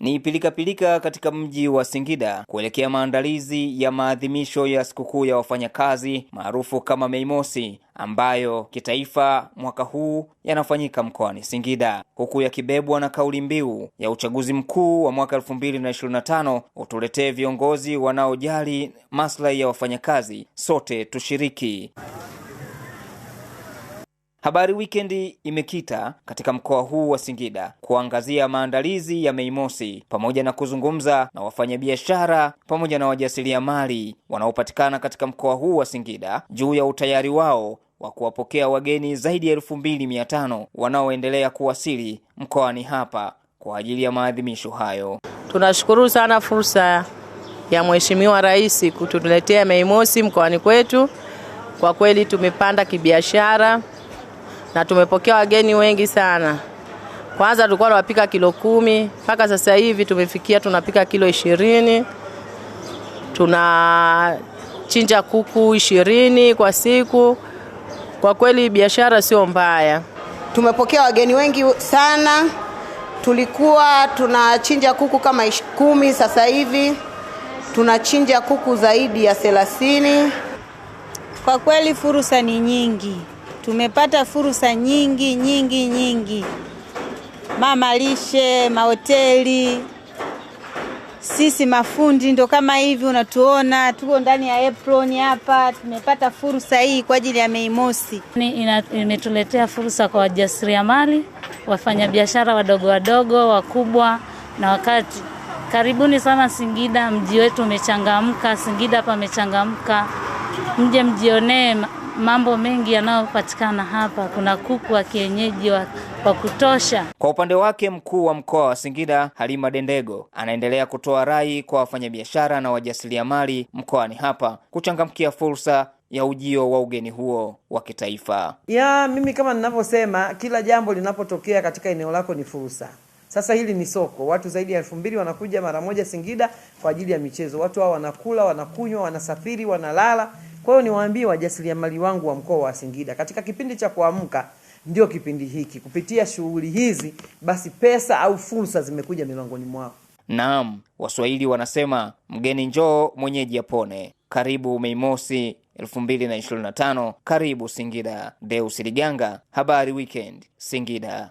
Ni pilikapilika katika mji wa Singida kuelekea maandalizi ya maadhimisho ya sikukuu ya wafanyakazi maarufu kama Mei Mosi ambayo kitaifa mwaka huu yanafanyika mkoani Singida huku yakibebwa na kauli mbiu ya uchaguzi mkuu wa mwaka 2025 utuletee viongozi wanaojali maslahi ya wafanyakazi, sote tushiriki. Habari Wikendi imekita katika mkoa huu wa Singida kuangazia maandalizi ya Mei Mosi pamoja na kuzungumza na wafanyabiashara pamoja na wajasiriamali wanaopatikana katika mkoa huu wa Singida juu ya utayari wao wa kuwapokea wageni zaidi ya elfu mbili mia tano wanaoendelea kuwasili mkoani hapa kwa ajili ya maadhimisho hayo. Tunashukuru sana fursa ya Mheshimiwa Rais kutuletea Mei Mosi mkoani kwetu. Kwa kweli tumepanda kibiashara na tumepokea wageni wengi sana. Kwanza tulikuwa tunapika kilo kumi mpaka sasa hivi tumefikia tunapika kilo ishirini. Tunachinja kuku ishirini kwa siku. Kwa kweli biashara sio mbaya. Tumepokea wageni wengi sana. Tulikuwa tunachinja kuku kama kumi, sasa hivi tunachinja kuku zaidi ya thelathini. Kwa kweli fursa ni nyingi. Tumepata fursa nyingi nyingi nyingi, mama lishe, mahoteli. Sisi mafundi ndo kama hivi unatuona, tuko ndani ya apron hapa. Tumepata fursa hii kwa ajili ya Mei Mosi, imetuletea fursa kwa wajasiriamali, wafanyabiashara wadogo wadogo, wakubwa na wakati. Karibuni sana Singida, mji wetu umechangamka. Singida pamechangamka, mje mjionee mambo mengi yanayopatikana hapa. Kuna kuku wa kienyeji wa, kwa kutosha. Kwa upande wake, mkuu wa mkoa wa Singida Halima Dendego anaendelea kutoa rai kwa wafanyabiashara na wajasiriamali mkoani hapa kuchangamkia fursa ya ujio wa ugeni huo wa kitaifa. Ya mimi kama ninavyosema, kila jambo linapotokea katika eneo lako ni fursa. Sasa hili ni soko, watu zaidi ya elfu mbili wanakuja mara moja Singida kwa ajili ya michezo. Watu hao wanakula, wanakunywa, wanasafiri, wanalala. Kwa hiyo niwaambie wajasiriamali wangu wa mkoa wa Singida, katika kipindi cha kuamka ndio kipindi hiki. Kupitia shughuli hizi, basi pesa au fursa zimekuja milangoni mwao. Naam, Waswahili wanasema mgeni njoo mwenyeji apone. Karibu meimosi 225 2025, karibu Singida. Deus Liganga, Habari Weekend, Singida.